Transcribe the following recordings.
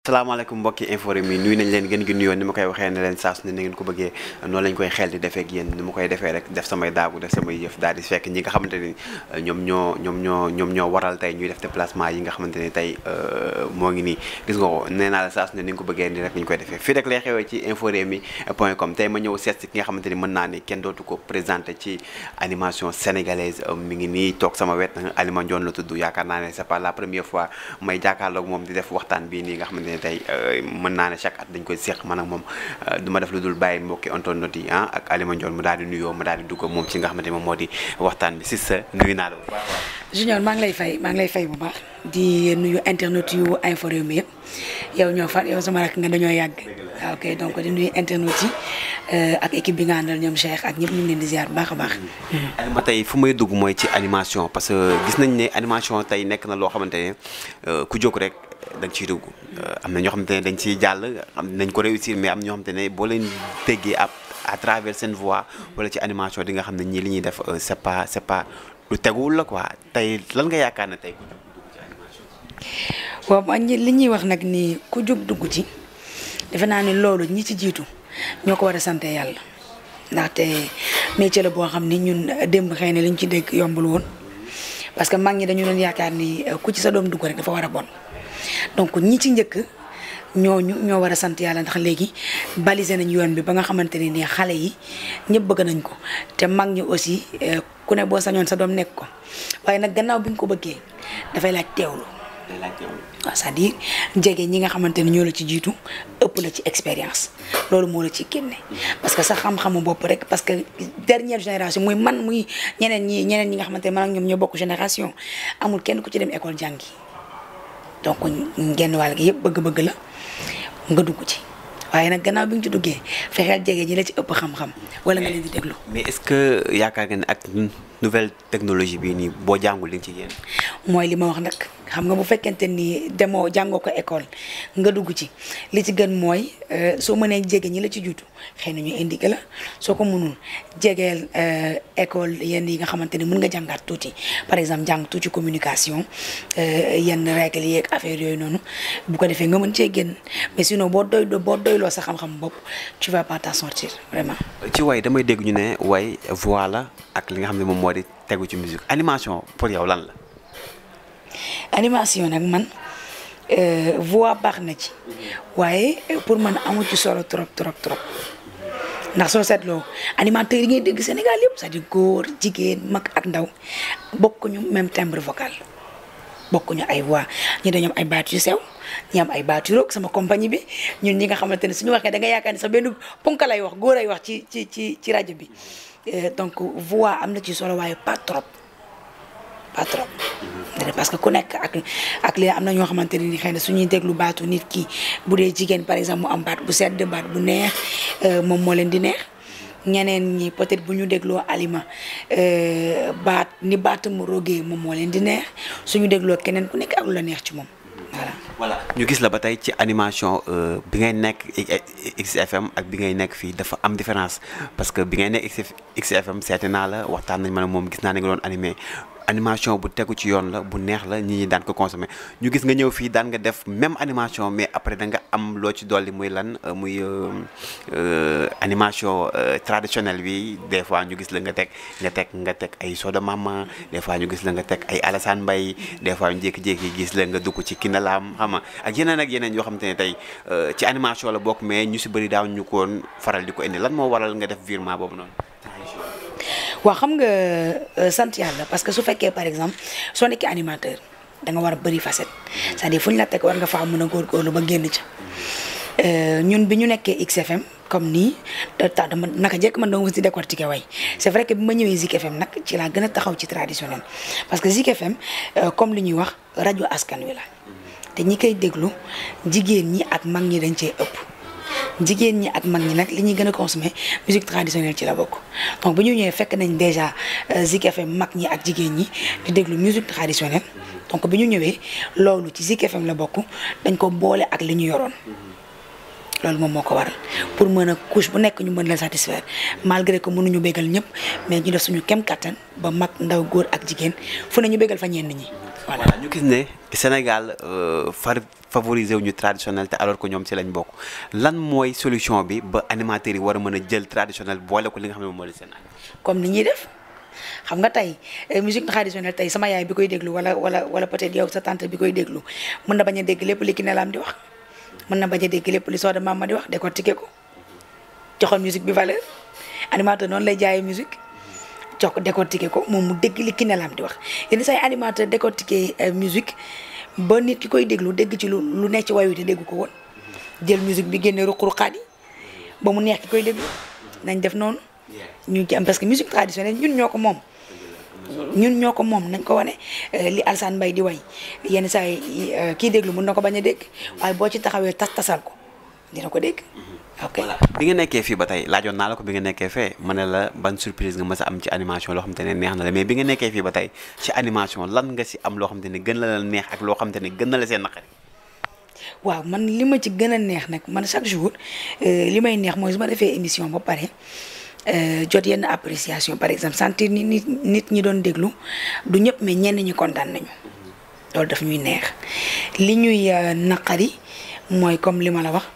salaamaaleykum mbokki info Rewmi nuyu nañ leen gën gi nuyoon ni ma koy waxee ne leen saa su ne na ngeen ko bëggee noonu lañ koy xel di defee ak yéen ni ma koy defee rek def samay daagu def samay yëf daal di fekk ñi nga xamante ni euh, ñoom ñoo ñoom ñoo ñoom ñoo waral tey ñuy def déplacement yi nga xamante ni tey euh, moo ngi nii gis nga ko nee naa la saa su ne ni nga ko bëggee nii rek lañ koy defee fii rek lay xewee ci info Rewmi point com tey ma ñëw seet si ki nga xamante ni mën naa ni kenn dootu ko présenté ci animation sénégalaise euh, mi ngi nii toog sama wet Alima Ndione la tudd yaakaar naa ne c'est pas la première fois may jàkkaarloog moom di def waxtaan bii nii nga xamante ne tey euh, mën naa ne chaque at dañ koy seq man ak moom euh, du ma def lu dul bàyyi mbokki internet yi ah, ak Alima Ndione mu daal di nuyu la bu bu baax di nuyu internet yu Infos Rewmi yëpp yow ñoo fa yow sama rakk nga dañoo yàgg ah, donc di nuyu internet yi euh, ak équipe bi nga àndal ñoom Cheikh ak ñëpp ñu ngi leen di ziar bu baax a baax. Mm-hmm. Alima tey fu may dugg mooy ci animation parce gis nañ ne animation tey nekk na loo xamante ne ku jóg rek. da nga ciy dugg euh, am na ñoo xamante ne dañ ciy jàll am nañ ko réussir mais am ñoo ne boo leen teggee ab à travers seen voix wala ci animation di nga xam ne ñii li ñuy def euh, c'est pas lu teguwul la quoi tey lan nga yaakaar ne tey ku jub dugg li ñuy wax nag nii ku jub dugg ci defe naa ni loolu ñi ci jiitu ñoo ko war a sant yàlla ndaxte métier la boo xam ni ñun euh, démb xëy na liñ ci dégg yombul woon parce que mag ñi dañu doon yaakaar ni ku ci sa doom dugg rek dafa war a bon. donc ñi ci ñëk ñoñu ño wara sant yalla ndax légui balisé nañ yoon bi ba nga xamanteni ni xalé yi ñëpp bëgg nañ ko té mag ñi aussi eh, ku ne bo sañoon sa doom nekk ko waaye nak gannaaw biñ ko bëggé da fay laaj teewlu waaw c'est-à-dire jege ñi nga xamante ñoo la ci jitu ëpp la ci expérience loolu mo la ci kenné parce que sa xam-xamu bop rek parce que dernière génération muy man muy ñeneen ñi ñeneen ñi nga xamanteni man ak ñom ñoo bokk génération amul kenn ku ci dem école jangii donc genn wàll gi yëpp bëgg-bëgg la nga dugg ci waaye nag gannaaw bi nga ci duggee fexeel jege ñi la ci ëpp xam-xam wala nga leen di déglu. mais est-ce que yaakaar nga ne ak nouvelle technologie bi nii boo jàngul li ci yéen. moy li ma wax nak xam nga bu fekkente ni demoo jàngoo ko école nga dugg ci li ci gën moy euh, so mënee jege ñi la ci juutu xeyna na ñu indiqué la soko ko mënul jegeel euh, école yenn yi nga xamanteni mën nga jangat touti par exemple jang touti communication euh, yenn règle yeeg affaire yoy noonu bu ko defee nga mën ci génn mais sinon bo doy boo doyloo sa xam-xam bop tu vas pas t'en sortir vraiment. ci way damay dégg ñu né way voilà ak li nga xam ne di tegu ci musique animation pour yow lan la. animation nag man euh, voix baax na ci waaye pour man amu ci solo trop trop trop ndax soo seetloo animateurs yi ngay dégg Sénégal yëpp sax à góor jigéen mag ak ndaw bokkuñu même timbre vocal bokkuñu ay voix ñi dañoom am ay baat yu sew. ñi am ay baatu rok sama compagnie bi ñun ñi nga xamanteni suñu waxe da nga yakane sa benn ponk lay wax goor ay wax ci ci ci ci radio bi euh, donc voix amna ci solo waye pas trop pas trop parce que ku nek ak ak li amna ño xamanteni ni xeyna suñu déglu baatu nit ki bu par exemple am baat bu sedd baat bu neex euh, mom mo leen di neex ñeneen ñi peut-être bu ñu alima euh, baat ni baatum mu mom mo leen di neex suñu déglo keneen ku nek ak lu neex ci mom voilà ñu gis la ba tey ci animation euh, bi ngay nekk XFM ak bi ngay nekk fii dafa am différence parce que bi ngay nekk XFM seeti naa la waxtaan nañ ma ne moom gis naa ne nga doon animé animation bu teggu ci yoon la bu neex la ñi ñi daan ko consommer ñu gis nga ñëw fii daan nga def même animation mais après da nga am loo ci dolli muy lan euh, muy euh, euh, animation traditionnelle bi des fois ñu gis la nga teg nga teg nga teg ay Soda Mama des fois ñu gis la nga teg ay Alassane mbay des fois ñu jékki-jékki gis la nga dugg ci Kinalaam xam nga ak yeneen ak yeneen yoo xam te ne tey ci animation la bokk mais ñu si bëri daaw ñu koon faral di ko indi lan moo waral nga def virement boobu noonu waaw xam nga euh, sant yàlla parce que su fekkee par exemple soo nekkee animateur danga war a bëri facette cest à fu ñu la teg war nga faa mun a góorgóorlu ba génn ca euh, ñun bi ñu nekkee XFM comme nii ta dama naka jekk man dama mës di décortiquer way c'est vrai que bi ma ñëwee Zik FM nag ci laa gën a taxaw ci traditionnel parce que Zik FM euh, comme li ñuy wax rajo askan wi la te ñi koy déglu jigéen ñi ak mag ñi dañ cee ëpp. jigéen ñi ak mag ñi nag li ñuy gën a consommer musique traditionnelle ci la bokk donc bu ñu ñëwee fekk nañ déjà euh, Zik FM mag ñi ak jigéen ñi di déglu musique traditionnelle donc bi ñu ñëwee loolu ci Zik FM la bokk dañ ko boole ak li ñu yoroon loolu moom moo ko waral pour mën a couche bu nekk ñu mën la satisfaire malgré ko mënuñu béggal ñëpp mais ñu def suñu kem kattan ba mag ndaw góor ak jigéen fu ne ñu bégal fa ñenn ñi. voilà ñu gis ne Sénégal euh, far favoriser wu ñu traditionnel te alors que ñoom ci lañ bokk lan mooy solution bi ba animateur yi wara mëna jël traditionnel boole ko li nga xamné mo Sénégal. comme ni ñuy def. xam nga tay euh, musique traditionnelle tay sama yaay bi koy déglu wala wala wala peut-être yow sa tante bi koy déglu mën na bañ dégg lépp li ki Lam di wax mën na bañ dégg lépp li Soda Mama di wax dé ko tiké ko joxoon musique bi valeur animateur non lay jaay musique jox ko décortiquer ko moom mu dégg li ki nelaam di wax yenn say animateur décortiquer euh, musique ba nit ki koy déglu dégg ci lu lu nekk ci wayu te dégg ko woon jël musique bi génne ruq-ruqaat yi ba mu neex ki koy déglu nañ def noonu ñu ci parce que musique traditionnelle ñun ñoo ko moom ñun ñoo ko moom nañ ko wane euh, li Alsaan Mbay di way yenn saa yi euh, kii déglu mën na ko bañ a dégg waaye boo ci taxawee tas tasal ko dina ko dégg mm-hmm. voilà bi nga nekkee fii ba tey laajoon naa la ko bi nga nekkee fee ma ne la ban surprise nga mës a am ci animation loo xam te ne neex na la mais bi nga nekkee fii ba tey ci animation lan nga si am loo xam ne gën la la ak loo xam ne gën na la seen naqari waaw man li ma ci gën a neex nag man chaque jour euh, li may neex mooy su ma defee émission ba pare euh, jot yenn appréciation par exemple sentir ni nit nit ñi doon déglu du ñëpp mais ñenn ñi kontaan nañu loolu daf ñuy neex li ñuy euh, naqari mooy comme li ma la wax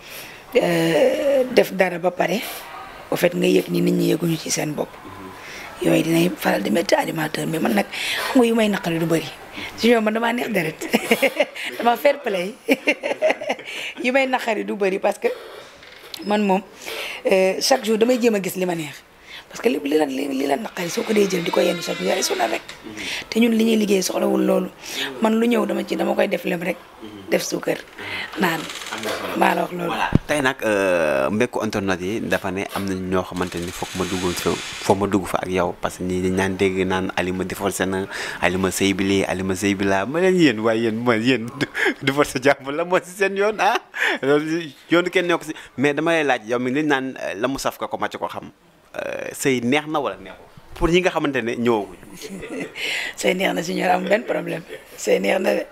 def dara ba pare au fait nga yëg ni nit ñi yëguñu ci seen bopp yooyu dinay faral di métti animateur mais man nag yu may naqari du bëri si ñoom man damaa neex deret dama fair play yi may naqari du bëri parce que man moom euh, chaque jour damay jéem a gis li ma neex parce que li la li la naqari soo ko dee jël di ko yenn chaque jour ay rek mm-hmm. te ñun li ñuy liggéey soxlawul loolu mm-hmm. man lu ñëw dama ci dama koy def lem rek mm-hmm. def suukar naan maa loolu. voilà tey nag euh, mbekku internet yi dafa ne am na ñoo xamante ni foog ma dugg fa foog ma dugg fa ak yow parce que ñii dañ naan dégg naan Alima divorcé na Alima sëy bi lii Alima sëy bi laa ma leen yéen waaye yéen ma sa divorcé jàmm la moo seen yoon ah loolu yoonu kenn ñoo si mais dama lay laaj yow mi ngi naan euh, la mu saf ko ko ma ci ko xam euh, sëy neex na wala neexul. pour ñi nga xamante ne ñëwaguñ. sëy neex na si ñu am benn problème sëy neex na de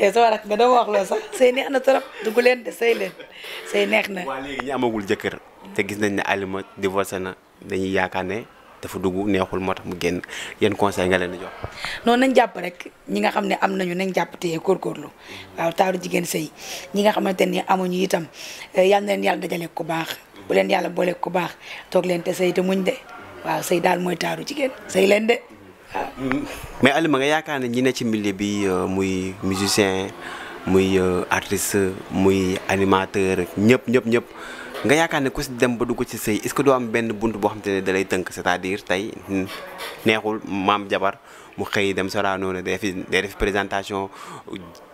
yow sama rakk nga dama wax loolu neex na trop leen de sëy leen sëy na. waa amagul jëkkër te gis nañ ne Alima divorcé na dañuy yaakaar ne dafa dugg neexul moo tax mu génn yan conseil nga leen di jox. noonu nañ jàpp rek ñi nga xam ne am nañu nañ jàpp téye góorgóorlu waaw taaru jigéen say ñi nga xamante ni amuñu itam eh, yal na leen yàlla dajale ku baax bu leen yàlla boole ku baax toog leen te sëy te muñ de. waaw sëy daal mooy taaru jigéen sëy leen de mais Alima nga yaakaar ne ñi ne ci milieu bi euh, muy musicien muy euh, artiste muy animateur ñëpp ñëpp ñëpp. nga yaakaar ne ko si dem ba dugg ci sëy est-ce que benn bunt boo xam te ne dalay tënk c'est-à-dire tey hmm, neexul maam jabar mu xëy dem soraanoo ne day présentation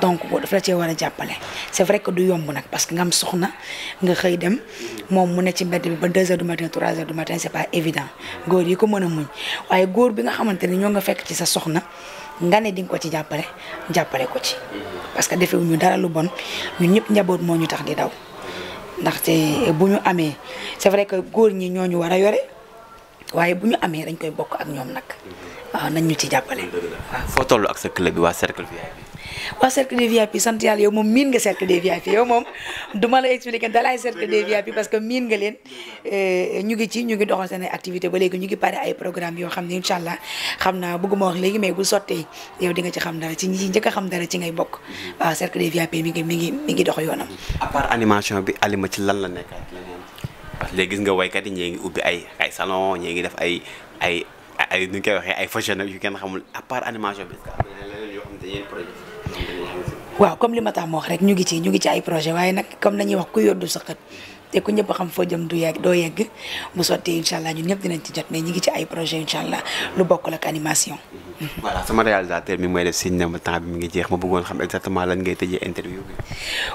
donc daf la cee war a jàppale c'est vrai que du yomb nag parce que nga am soxna nga xëy dem moom mu ne ci mbedd bi ba 2 heures du matin 3 heures du matin c'est pas évident góor yi ko mën a muñ waaye góor bi nga xamante ni ñoo nga fekk ci sa soxna nga ne di nga ko ci jàppale jàppale ko ci. parce que defee ñu dara lu bon ñun ñëpp njaboot moo ñu tax di daw ndaxte bu ñu amee c'est vrai que góor ñi ñoo ñu war a yore waaye bu ñu amee dañ koy bokk ak ñoom nag nañ ñu ci jàppale. foo toll ak sa club bi waa waa cercle des VIP sant yàlla moom miin nga cercle des VIP yow moom du ma la expliquer dalaay cercle des VIP parce que miin nga leen euh, ñu ngi ci ñu ngi doxal seen activité ba léegi ñu ngi pare ay programme yoo xam ne incha allah xam naa bëgguma wax léegi mais bu sottee yow di nga ci xam dara ci ñi njëkk a xam dara ci ngay bokk waaw cercle des VIP mi ngi mi ngi dox yoonam. à part animation bi Alima ci lan la nekkaat leneen parce léegi nga waykat yi ñee ngi ubbi ay ay salon ñee ngi def ay ay ay nu ñu koy waxee ay fashion yu kenn xamul à part animation bi. waaw comme li ma tax ma wax rek ñu ci ñu ngi ci ay projet waaye nag comme la ñuy wax ku yoddu sa te ku ñëpp xam foo jëm du yegg doo yegg mu sottee incha allah ñun ñëpp dinañ ci jot mais ñi ngi ci ay projet incha allah lu bokkul ak animation. voilà sama réalisateur mi mooy def signe ne ma temps bi mi ngi jeex ma bëggoon xam exactement lan ngay tëjee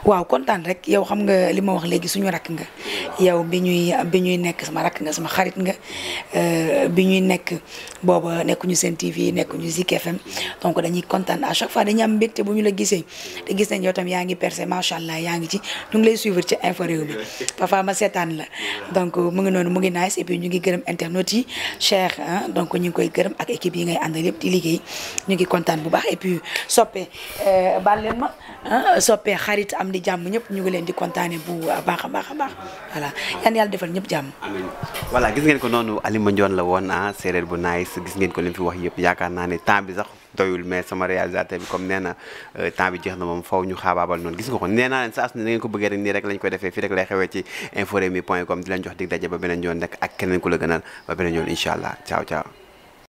waaw kontaan rek yow xam nga li ma wax léegi suñu rakk nga yow bi ñuy bi ñuy nekk sama rakk nga sama xarit nga euh, bi ñuy nekk booba nekkuñu seen TV nekkuñu Zik FM donc dañuy kontaan a chaque fois dañuy am mbégte bu ñu la gisee te gis nañ yow yaa ngi percé macha allah yaa ngi ci ñu ngi lay suivre ci info bi parfois seetaan la donc mu ngi noonu mu ngi nice et ñu ngi gërëm internet yi Cheikh donc ñu ngi koy gërëm ak équipe yi ngay àndal yëpp di liggéey ñu ngi kontaan bu baax et soppee soppe euh, baal leen ma soppe xarit am di jàmm ñëpp ñu ngi leen di kontaane bu baax a baax a baax voilà yan yàlla defal ñëpp jàmm voilà gis ngeen ko noonu Alima Ndione la woon ah séeréer bu nice gis ngeen ko li fi wax yëpp yaakaar naa ne temps bi sax doyul mais sama réalisateur bi comme nee temps bi jeex na mom faw ñu xaabaabal noonu gis nga ko nee len leen saa su ne ngeen ko bëggee rek ni rek lañ koy defé fi rek lay xewé ci inforemi.com di leen jox dig daje ba benen yoon rek ak keneen ku la gënal ba benen yoon inshallah ciao ciao